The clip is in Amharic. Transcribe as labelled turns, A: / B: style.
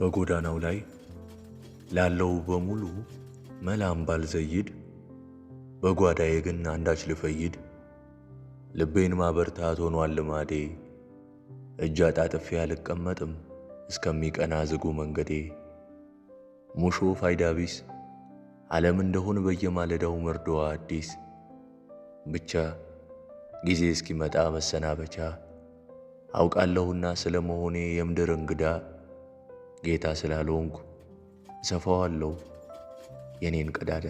A: በጎዳናው ላይ ላለው በሙሉ መላም ባልዘይድ፣ በጓዳዬ ግን አንዳች ልፈይድ። ልቤን ማበርታት ሆኗል ልማዴ፣ እጅ አጣጥፌ አልቀመጥም እስከሚቀና ዝጉ መንገዴ። ሙሾ ፋይዳ ቢስ ዓለም እንደሆን በየማለዳው መርዶዋ አዲስ ብቻ ጊዜ እስኪመጣ መሰናበቻ አውቃለሁና ስለመሆኔ የምድር እንግዳ ጌታ ስላልሆንኩ እሰፋዋለሁ የኔን ቀዳዳ